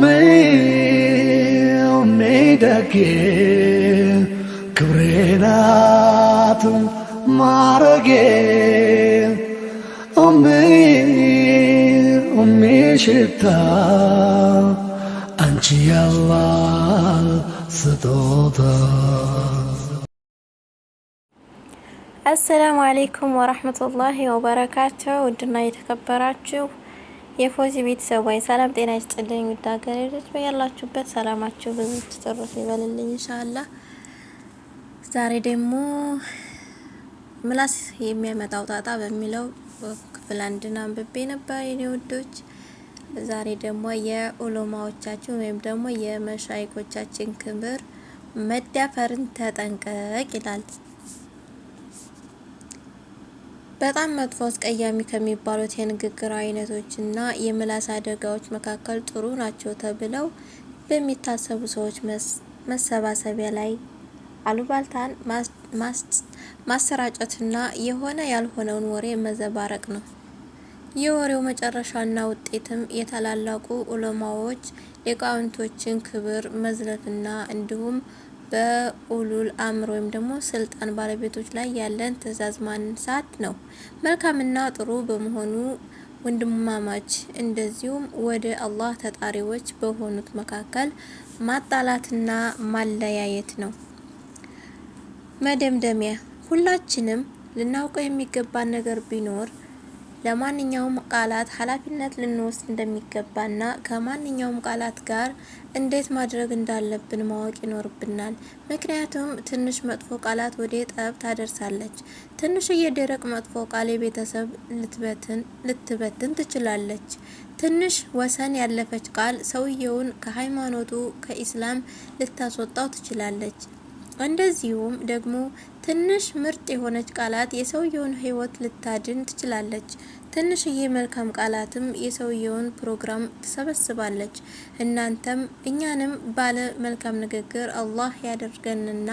ሜሜደጌ ክብሬናት ማረጌ ሽታ አንቺ ያላል ስጦታ። አሰላሙ አሌይኩም ወረህመቱላሂ ወበረካቱሁ። ውድና የተከበራችሁ የፎዚ ቤተሰብ ወይ ሰላም ጤና ይስጥልኝ። ውድ ሀገሬ ልጆች በያላችሁበት ሰላማችሁ ብዙ ትጥሩት ይበልልኝ ኢንሻአላህ። ዛሬ ደግሞ ምላስ የሚያመጣው ጣጣ በሚለው ክፍል አንድን አንብቤ ነበር የኔ ውዶች። ዛሬ ደግሞ የኡለማዎቻችን ወይም ደግሞ የመሻይኮቻችን ክብር መዳፈርን ተጠንቀቅ ይላል። በጣም መጥፎ አስቀያሚ ከሚባሉት የንግግር አይነቶችና የምላስ አደጋዎች መካከል ጥሩ ናቸው ተብለው በሚታሰቡ ሰዎች መሰባሰቢያ ላይ አሉባልታን ማሰራጨትና የሆነ ያልሆነውን ወሬ መዘባረቅ ነው። የወሬው መጨረሻና ውጤትም የታላላቁ ዑለማዎች ሊቃውንቶችን ክብር መዝለፍና እንዲሁም በኡሉል አምር ወይም ደግሞ ስልጣን ባለቤቶች ላይ ያለን ትዕዛዝ ማንሳት ነው። መልካምና ጥሩ በመሆኑ ወንድማማች እንደዚሁም ወደ አላህ ተጣሪዎች በሆኑት መካከል ማጣላትና ማለያየት ነው። መደምደሚያ ሁላችንም ልናውቀው የሚገባን ነገር ቢኖር ለማንኛውም ቃላት ኃላፊነት ልንወስድ እንደሚገባና ከማንኛውም ቃላት ጋር እንዴት ማድረግ እንዳለብን ማወቅ ይኖርብናል። ምክንያቱም ትንሽ መጥፎ ቃላት ወደ ጠብ ታደርሳለች። ትንሽዬ ደረቅ መጥፎ ቃል የቤተሰብ ልትበትን ትችላለች። ትንሽ ወሰን ያለፈች ቃል ሰውየውን ከሃይማኖቱ ከኢስላም ልታስወጣው ትችላለች። እንደዚሁም ደግሞ ትንሽ ምርጥ የሆነች ቃላት የሰውየውን ህይወት ልታድን ትችላለች። ትንሽዬ መልካም ቃላትም የሰውየውን ፕሮግራም ትሰበስባለች። እናንተም እኛንም ባለ መልካም ንግግር አላህ ያደርገንና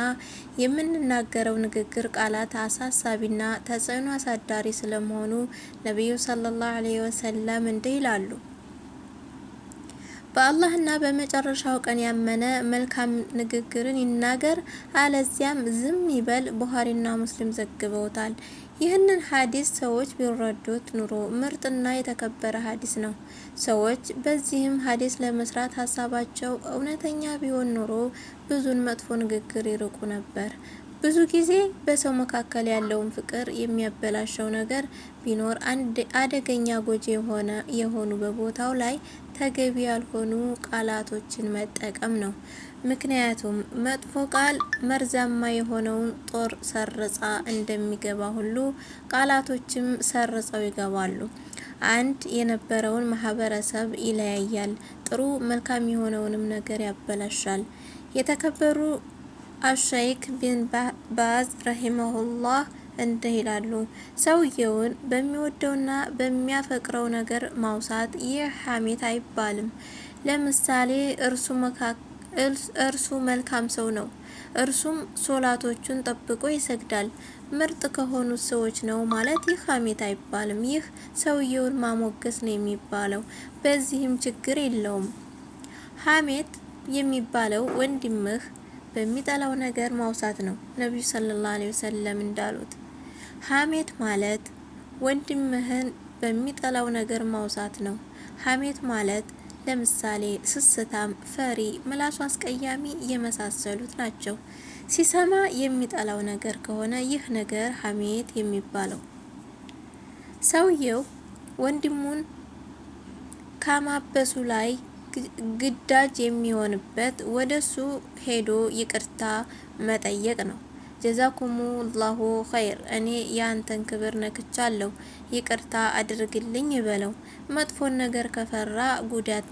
የምንናገረው ንግግር ቃላት አሳሳቢና ተጽዕኖ አሳዳሪ ስለመሆኑ ነቢዩ ሰለላሁ ዐለይሂ ወሰለም እንዲህ ይላሉ በአላህና በመጨረሻው ቀን ያመነ መልካም ንግግርን ይናገር፣ አለዚያም ዝም ይበል። ቡሃሪና ሙስሊም ዘግበውታል። ይህንን ሀዲስ ሰዎች ቢረዱት ኑሮ ምርጥና የተከበረ ሀዲስ ነው። ሰዎች በዚህም ሀዲስ ለመስራት ሀሳባቸው እውነተኛ ቢሆን ኑሮ ብዙን መጥፎ ንግግር ይርቁ ነበር። ብዙ ጊዜ በሰው መካከል ያለውን ፍቅር የሚያበላሸው ነገር ቢኖር አንድ አደገኛ ጎጂ የሆነ የሆኑ በቦታው ላይ ተገቢ ያልሆኑ ቃላቶችን መጠቀም ነው። ምክንያቱም መጥፎ ቃል መርዛማ የሆነውን ጦር ሰርጻ እንደሚገባ ሁሉ ቃላቶችም ሰርጸው ይገባሉ። አንድ የነበረውን ማህበረሰብ ይለያያል፣ ጥሩ መልካም የሆነውንም ነገር ያበላሻል። የተከበሩ አሸይክ ቢን ባዝ ረሂመሁላህ እንዲህ ይላሉ። ሰውየውን በሚወደውና በሚያፈቅረው ነገር ማውሳት ይህ ሀሜት አይባልም። ለምሳሌ እርሱ መልካም ሰው ነው፣ እርሱም ሶላቶቹን ጠብቆ ይሰግዳል፣ ምርጥ ከሆኑት ሰዎች ነው ማለት ይህ ሀሜት አይባልም። ይህ ሰውየውን ማሞገስ ነው የሚባለው። በዚህም ችግር የለውም። ሐሜት የሚባለው ወንድምህ በሚጠላው ነገር ማውሳት ነው። ነቢዩ ሰለላሁ ዐለይሂ ወሰለም እንዳሉት ሀሜት ማለት ወንድምህን በሚጠላው ነገር ማውሳት ነው። ሀሜት ማለት ለምሳሌ ስስታም፣ ፈሪ፣ ምላሱ አስቀያሚ የመሳሰሉት ናቸው። ሲሰማ የሚጠላው ነገር ከሆነ ይህ ነገር ሀሜት የሚባለው። ሰውየው ወንድሙን ካማበሱ ላይ ግዳጅ የሚሆንበት ወደሱ ሄዶ ይቅርታ መጠየቅ ነው። ጀዛኩሙ ላሁ ኸይር፣ እኔ የአንተን ክብር ነክቻለሁ፣ ይቅርታ አድርግልኝ በለው። መጥፎን ነገር ከፈራ ጉዳት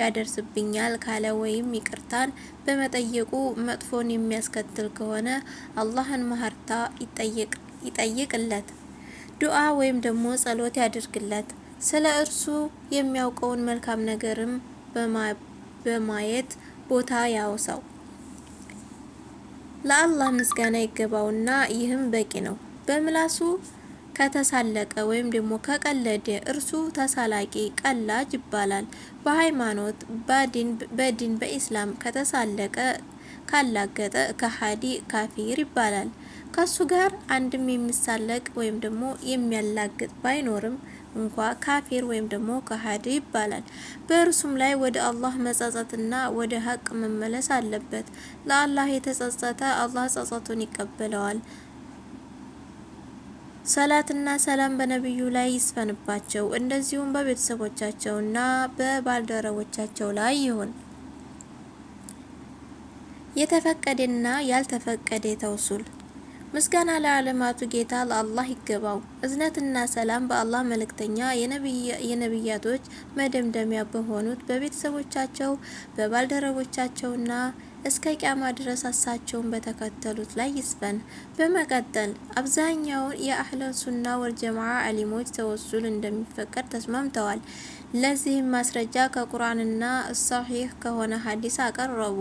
ያደርስብኛል ካለ ወይም ይቅርታን በመጠየቁ መጥፎን የሚያስከትል ከሆነ አላህን መሀርታ ይጠይቅለት፣ ዱአ ወይም ደግሞ ጸሎት ያድርግለት። ስለ እርሱ የሚያውቀውን መልካም ነገርም በማየት ቦታ ያውሳው። ለአላህ ምስጋና ይገባውና ይህም በቂ ነው። በምላሱ ከተሳለቀ ወይም ደግሞ ከቀለደ እርሱ ተሳላቂ ቀላጅ ይባላል። በሃይማኖት በዲን በኢስላም ከተሳለቀ ካላገጠ ከሀዲ ካፊር ይባላል። ከሱ ጋር አንድም የሚሳለቅ ወይም ደግሞ የሚያላግጥ ባይኖርም እንኳ ካፊር ወይም ደግሞ ከሃዲ ይባላል። በእርሱም ላይ ወደ አላህ መጸጸትና ወደ ሀቅ መመለስ አለበት። ለአላህ የተጸጸተ አላህ ጸጸቱን ይቀበለዋል። ሰላትና ሰላም በነቢዩ ላይ ይስፈንባቸው፣ እንደዚሁም በቤተሰቦቻቸውና በባልደረቦቻቸው ላይ ይሁን። የተፈቀደና ያልተፈቀደ ተውሱል ምስጋና ለዓለማቱ ጌታ ለአላህ ይገባው። እዝነትና ሰላም በአላህ መልእክተኛ የነቢያቶች መደምደሚያ በሆኑት በቤተሰቦቻቸው በባልደረቦቻቸውና እስከ ቂያማ ድረስ አሳቸውን በተከተሉት ላይ ይስፈን። በመቀጠል አብዛኛውን የአህለን ሱና ወልጀማዓ አሊሞች ተወሱል እንደሚፈቀድ ተስማምተዋል። ለዚህም ማስረጃ ከቁርአንና ሳሒህ ከሆነ ሀዲስ አቀረቡ።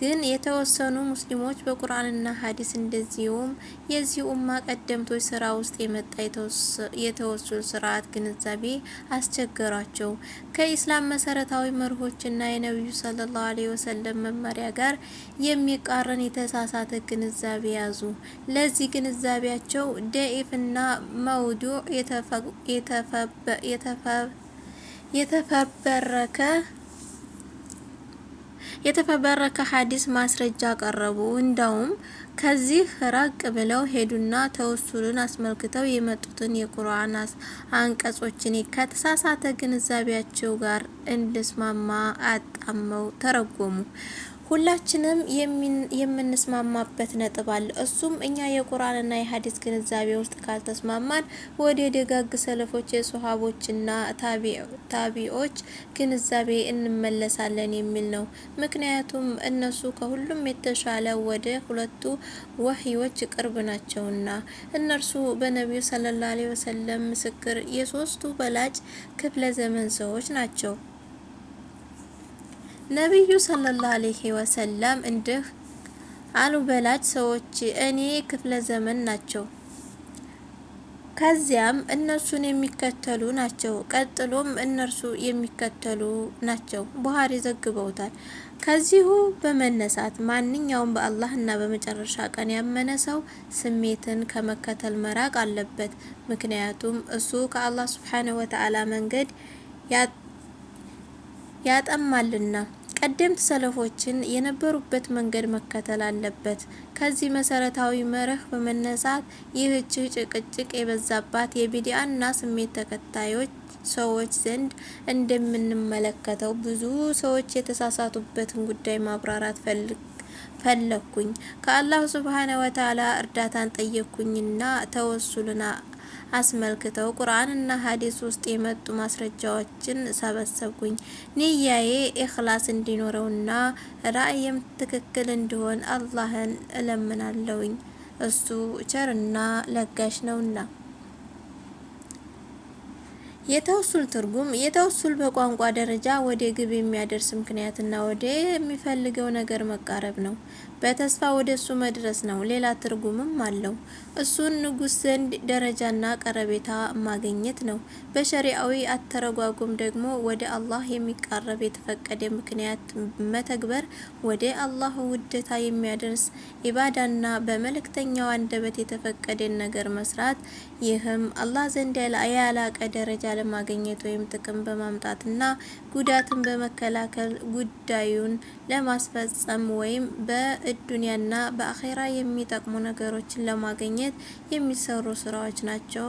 ግን የተወሰኑ ሙስሊሞች በቁርአንና ሀዲስ እንደዚሁም የዚህ ኡማ ቀደምቶች ስራ ውስጥ የመጣ የተወሱል ስርዓት ግንዛቤ አስቸገሯቸው። ከኢስላም መሰረታዊ መርሆችና የነቢዩ ሰለላሁ ዐለይሂ ወሰለም መመሪያ ጋር የሚቃረን የተሳሳተ ግንዛቤ ያዙ። ለዚህ ግንዛቤያቸው ደኢፍና መውዱዕ የተፈበረከ የተፈበረከ ሀዲስ ማስረጃ ቀረቡ። እንዳውም ከዚህ ራቅ ብለው ሄዱና ተወሱልን አስመልክተው የመጡትን የቁርአን አንቀጾችን ከተሳሳተ ግንዛቤያቸው ጋር እንድስማማ አጣመው ተረጎሙ። ሁላችንም የምንስማማበት ነጥብ አለ። እሱም እኛ የቁርአንና የሀዲስ ግንዛቤ ውስጥ ካልተስማማን ወደ ደጋግ ሰለፎች የሶሃቦችና ታቢዎች ግንዛቤ እንመለሳለን የሚል ነው። ምክንያቱም እነሱ ከሁሉም የተሻለ ወደ ሁለቱ ወህዮች ቅርብ ናቸውና እነርሱ በነቢዩ ሰለላሁ ዐለይሂ ወሰለም ምስክር የሶስቱ በላጭ ክፍለ ዘመን ሰዎች ናቸው። ነቢዩ ሰለላሁ አለይሂ ወሰለም እንዲህ አሉ። በላጭ ሰዎች እኔ ክፍለ ዘመን ናቸው፣ ከዚያም እነርሱን የሚከተሉ ናቸው፣ ቀጥሎም እነርሱ የሚከተሉ ናቸው። ቡሃሪ ዘግበውታል። ከዚሁ በመነሳት ማንኛውም በአላህ እና በመጨረሻ ቀን ያመነ ሰው ስሜትን ከመከተል መራቅ አለበት። ምክንያቱም እሱ ከአላህ ሱብሓነሁ ወተዓላ መንገድ ያጠማልና። ቀደምት ሰለፎችን የነበሩበት መንገድ መከተል አለበት። ከዚህ መሰረታዊ መርህ በመነሳት ይህች ጭቅጭቅ የበዛባት የቢዲአና ስሜት ተከታዮች ሰዎች ዘንድ እንደምንመለከተው ብዙ ሰዎች የተሳሳቱበትን ጉዳይ ማብራራት ፈልግ ፈለኩኝ ከአላሁ ስብሓነ ወተዓላ እርዳታን ጠየኩኝና ተወሱልና አስመልክተው ቁርአንና ሀዲስ ውስጥ የመጡ ማስረጃዎችን ሰበሰብኩኝ። ንያዬ ኢኽላስ እንዲኖረውና ራእየም ትክክል እንዲሆን አላህን እለምናለሁኝ። እሱ ቸርና ለጋሽ ነውና። የተውሱል ትርጉም የተውሱል በቋንቋ ደረጃ ወደ ግብ የሚያደርስ ምክንያትና ወደ የሚፈልገው ነገር መቃረብ ነው። በተስፋ ወደ እሱ መድረስ ነው። ሌላ ትርጉምም አለው። እሱን ንጉስ ዘንድ ደረጃና ቀረቤታ ማግኘት ነው። በሸሪአዊ አተረጓጎም ደግሞ ወደ አላህ የሚቃረብ የተፈቀደ ምክንያት መተግበር ወደ አላህ ውደታ የሚያደርስ ኢባዳና በመልእክተኛው አንደበት የተፈቀደን ነገር መስራት፣ ይህም አላህ ዘንድ ያላቀ ደረጃ ለማግኘት ወይም ጥቅም በማምጣትና ጉዳትን በመከላከል ጉዳዩን ለማስፈጸም ወይም በ እዱንያና በአኼራ የሚጠቅሙ ነገሮችን ለማግኘት የሚሰሩ ስራዎች ናቸው።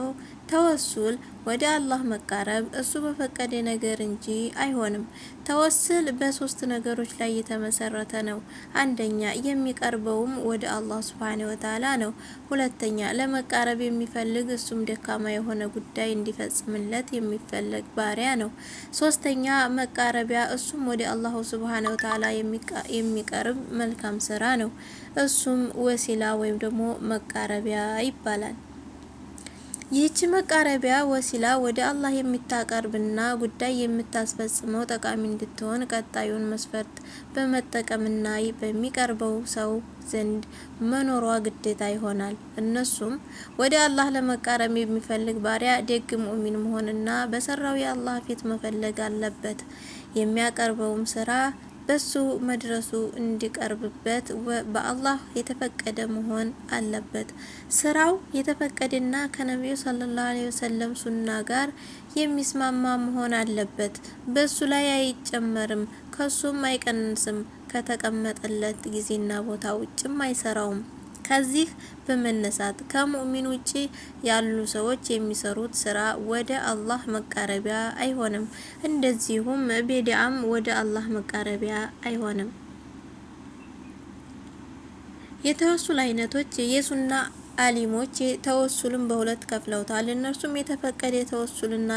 ተወሱል ወደ አላህ መቃረብ እሱ በፈቀደ ነገር እንጂ አይሆንም። ተወስል በሶስት ነገሮች ላይ የተመሰረተ ነው። አንደኛ የሚቀርበውም ወደ አላህ ሱብሓነሁ ወተዓላ ነው። ሁለተኛ ለመቃረብ የሚፈልግ እሱም ደካማ የሆነ ጉዳይ እንዲፈጽምለት የሚፈለግ ባሪያ ነው። ሶስተኛ መቃረቢያ እሱም ወደ አላህ ሱብሓነሁ ወተዓላ የሚቀርብ መልካም ስራ ነው። እሱም ወሲላ ወይም ደግሞ መቃረቢያ ይባላል። ይህች መቃረቢያ ወሲላ ወደ አላህ የምታቀርብና ጉዳይ የምታስፈጽመው ጠቃሚ እንድትሆን ቀጣዩን መስፈርት በመጠቀምና በሚቀርበው ሰው ዘንድ መኖሯ ግዴታ ይሆናል። እነሱም ወደ አላህ ለመቃረም የሚፈልግ ባሪያ ደግ ሙእሚን መሆንና በሰራው የአላህ ፊት መፈለግ አለበት። የሚያቀርበውም ስራ በሱ መድረሱ እንዲቀርብበት በአላህ የተፈቀደ መሆን አለበት። ስራው የተፈቀደና ከነቢዩ ሰለላሁ ዐለይሂ ወሰለም ሱና ጋር የሚስማማ መሆን አለበት። በሱ ላይ አይጨመርም፣ ከሱም አይቀንስም። ከተቀመጠለት ጊዜና ቦታ ውጭም አይሰራውም። ከዚህ በመነሳት ከሙእሚን ውጪ ያሉ ሰዎች የሚሰሩት ስራ ወደ አላህ መቃረቢያ አይሆንም። እንደዚሁም ቤዲአም ወደ አላህ መቃረቢያ አይሆንም። የተወሱል አይነቶች የሱና አሊሞች ተወሱልን በሁለት ከፍለውታል። እነርሱም የተፈቀደ ተወሱልና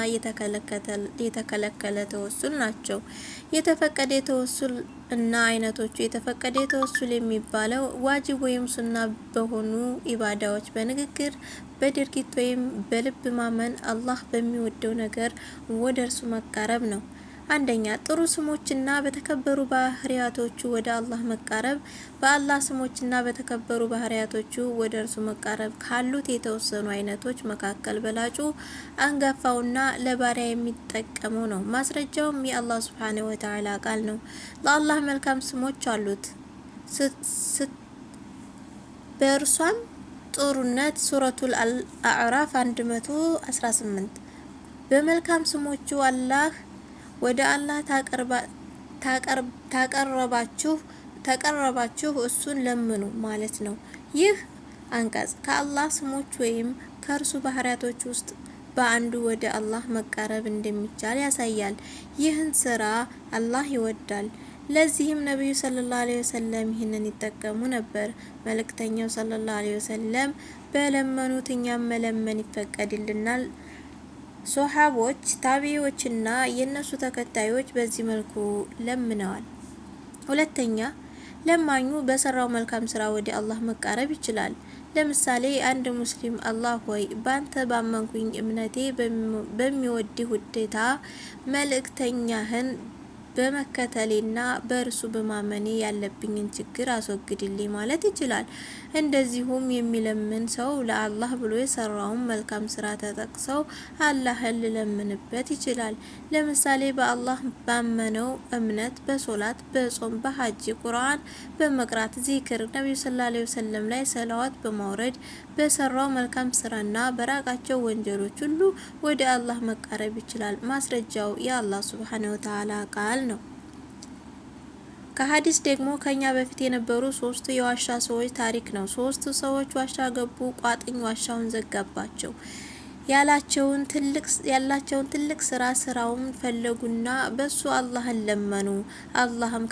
የተከለከለ ተወሱል ናቸው። የተፈቀደ የተወሱል እና አይነቶቹ የተፈቀደ የተወሱል የሚባለው ዋጅብ ወይም ሱና በሆኑ ኢባዳዎች በንግግር በድርጊት ወይም በልብ ማመን አላህ በሚወደው ነገር ወደ እርሱ መቃረብ ነው። አንደኛ ጥሩ ስሞችና በተከበሩ ባህሪያቶቹ ወደ አላህ መቃረብ በአላህ ስሞችና በተከበሩ ባህሪያቶቹ ወደ እርሱ መቃረብ ካሉት የተወሰኑ አይነቶች መካከል በላጩ አንጋፋውና ለባሪያ የሚጠቀመው ነው። ማስረጃውም የአላህ ሱብሓነሁ ወተዓላ ቃል ነው። ለአላህ መልካም ስሞች አሉት። በእርሷም ጥሩነት ሱረቱል አዕራፍ 118 በመልካም ስሞቹ አላህ ወደ አላህ ታቀረባችሁ ተቀረባችሁ እሱን ለምኑ ማለት ነው። ይህ አንቀጽ ከአላህ ስሞች ወይም ከእርሱ ባህሪያቶች ውስጥ በአንዱ ወደ አላህ መቃረብ እንደሚቻል ያሳያል። ይህን ስራ አላህ ይወዳል። ለዚህም ነቢዩ ሰለላሁ ዐለይሂ ወሰለም ይህንን ይጠቀሙ ነበር። መልእክተኛው ሰለላሁ ዐለይሂ ወሰለም በለመኑት እኛም መለመን ይፈቀድልናል ሶሐቦች፣ ታቢዎችና የእነሱ ተከታዮች በዚህ መልኩ ለምነዋል። ሁለተኛ ለማኙ በሰራው መልካም ስራ ወደ አላህ መቃረብ ይችላል። ለምሳሌ አንድ ሙስሊም አላህ ሆይ ባንተ ባመንኩኝ እምነቴ በሚወድህ ውዴታ መልእክተኛህን በመከተሌና በእርሱ በማመኔ ያለብኝን ችግር አስወግድልኝ ማለት ይችላል። እንደዚሁም የሚለምን ሰው ለአላህ ብሎ የሰራውን መልካም ስራ ተጠቅሰው አላህን ልለምንበት ይችላል። ለምሳሌ በአላህ ባመነው እምነት በሶላት፣ በጾም፣ በሀጂ፣ ቁርአን በመቅራት ዚክር፣ ነቢዩ ስላ ላ ወሰለም ላይ ሰላዋት በማውረድ በሰራው መልካም ስራና በራቃቸው ወንጀሎች ሁሉ ወደ አላህ መቃረብ ይችላል። ማስረጃው የአላህ ሱብሓነሁ ወተዓላ ቃል ነው። ከሀዲስ ደግሞ ከኛ በፊት የነበሩ ሶስት የዋሻ ሰዎች ታሪክ ነው። ሶስት ሰዎች ዋሻ ገቡ። ቋጥኝ ዋሻውን ዘጋባቸው። ያላቸውን ትልቅ ያላቸውን ትልቅ ስራ ስራውን ፈለጉና በሱ አላህን ለመኑ። አላህም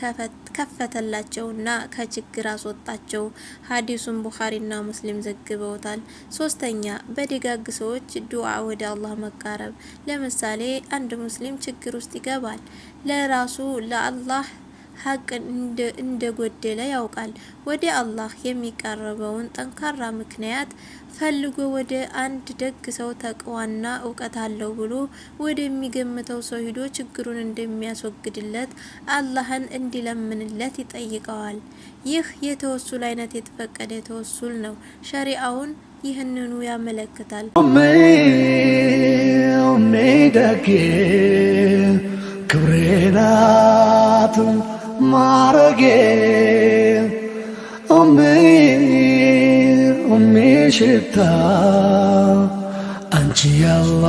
ከፈታ ከፈተላቸውና ከችግር አስወጣቸው። ሀዲሱን ቡኻሪና ሙስሊም ዘግበውታል። ሶስተኛ በደጋግ ሰዎች ዱዓ ወደ አላህ መቃረብ። ለምሳሌ አንድ ሙስሊም ችግር ውስጥ ይገባል። ለራሱ ለአላህ ሀቅን እንደጎደለ ያውቃል። ወደ አላህ የሚቀርበውን ጠንካራ ምክንያት ፈልጎ ወደ አንድ ደግ ሰው ተቅዋና እውቀት አለው ብሎ ወደሚገምተው ሰው ሂዶ ችግሩን እንደሚያስወግድለት አላህን እንዲለምንለት ይጠይቀዋል። ይህ የተወሱል አይነት የተፈቀደ ተወሱል ነው። ሸሪአውን ይህንኑ ያመለክታል። ማረጌ ኦሜር ኦሜ ሽታ አንቺ ያላ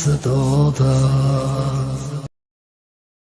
ስጦታ